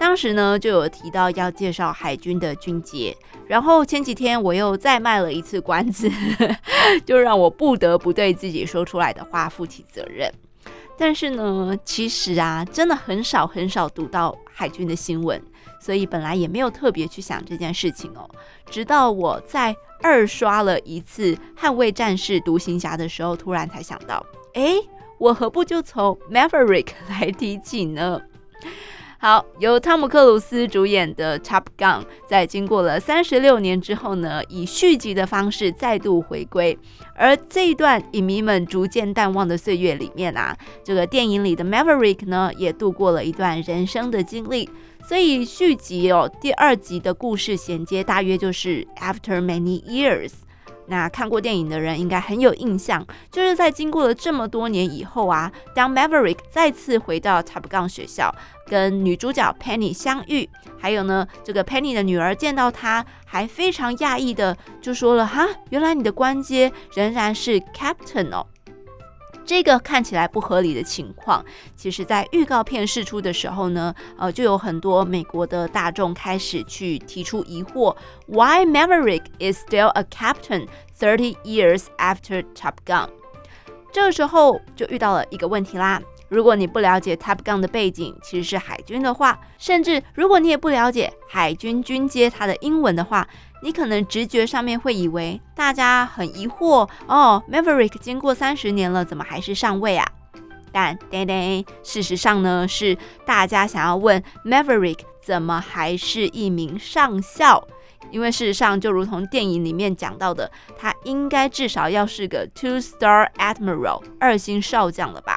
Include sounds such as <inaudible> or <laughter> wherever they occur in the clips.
當時呢，就有提到要介紹海軍的軍階，然後前幾天我又再賣了一次關子， <laughs> 就讓我不得不對自己說出來的話負起責任。但是呢，其實啊，真的很少很少讀到海軍的新聞，所以本來也沒有特別去想這件事情哦。直到我在二刷了一次《捍衛戰士》《獨行俠》的時候，突然才想到，誒，我何不就從 Maverick 來提起呢？好，由湯姆克魯斯主演的《Top Gun》在經過了三十六年之後呢，以續集的方式再度回歸。而這一段影迷們逐漸淡忘的歲月裡面啊，這個電影裡的 Maverick 呢，也度過了一段人生的經歷。所以續集哦，第二集的故事銜接大約就是 After Many Years。那看過電影的人應該很有印象，就是在經過了這麼多年以後啊，當 Maverick 再次回到 Top Gun 學校，跟女主角 Penny 相遇，還有呢，這個 Penny 的女兒見到她還非常訝異的就說了：“哈，原來你的官階仍然是 Captain 哦。”這個看起來不合理的情況，其實在預告片釋出的時候呢，呃，就有很多美國的大眾開始去提出疑惑，Why Maverick is still a captain 30 years after Top Gun？這個時候就遇到了一個問題啦。如果你不了解 Top Gun 的背景其實是海軍的話，甚至如果你也不了解海軍軍階它的英文的話，你可能直覺上面會以為大家很疑惑哦，Maverick 經過三十年了，怎麼還是上尉啊？但爹爹、呃呃，事實上呢是大家想要問 Maverick 怎麼還是一名上校，因為事實上就如同電影裡面講到的，他應該至少要是個 Two Star Admiral 二星少將了吧。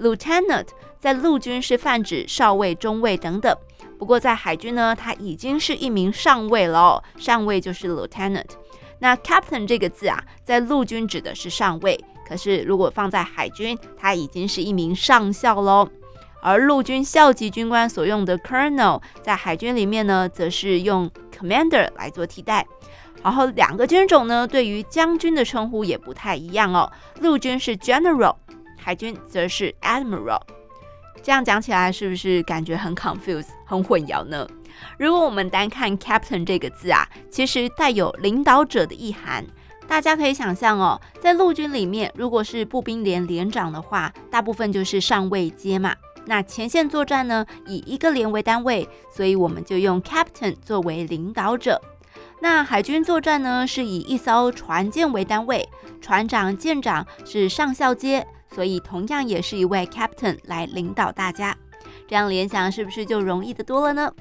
Lieutenant 在陸軍是泛指少尉、中尉等等，不過在海軍呢，他已經是一名上尉了哦。上尉就是 Lieutenant。那 Captain 這個字啊，在陸軍指的是上尉，可是如果放在海軍，他已經是一名上校嘍。而陸軍校級軍官所用的 Colonel，在海軍裡面呢，則是用 Commander 來做替代。然後兩個軍種呢，對於將軍的稱呼也不太一樣哦。陸軍是 General。海軍則是 admiral，這樣講起來是不是感覺很 confuse 很混淆呢？如果我們單看 captain 這個字啊，其實帶有領導者的意涵。大家可以想象哦，在陸軍裡面，如果是步兵連連長的話，大部分就是上尉階嘛。那前線作戰呢，以一個連為單位，所以我們就用 captain 作為領導者。那海軍作戰呢，是以一艘船，船艦為單位，船長、艦長是上校階。所以同樣也是一位 captain 來領導大家，這樣聯想是不是就容易得多了呢？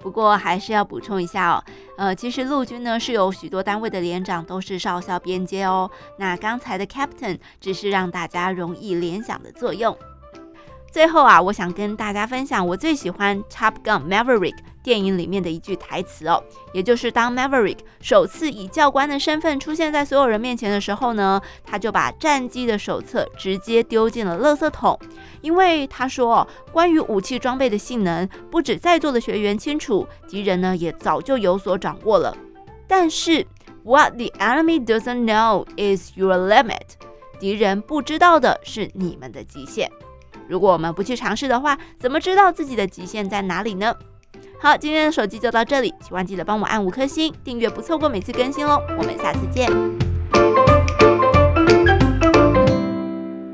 不過還是要補充一下哦，呃，其實陸軍呢是有許多單位的連長都是少校編階哦，那剛才的 captain 只是讓大家容易聯想的作用。最後啊，我想跟大家分享我最喜歡《Top Gun Maverick》電影裡面的一句台詞哦，也就是當 Maverick 首次以教官的身份出現在所有人面前的時候呢，他就把戰機的手冊直接丟進了垃圾桶，因為他說：“哦，關於武器裝備的性能，不止在座的學員清楚，敵人呢也早就有所掌握了。但是 What the enemy doesn't know is your limit，敵人不知道的是你們的極限。”如果我們不去嘗試的話，怎麼知道自己的極限在哪裡呢？好，今天的手機就到這裡，喜歡記得幫我按五顆星，訂閱不錯過每次更新哦，我們下次見。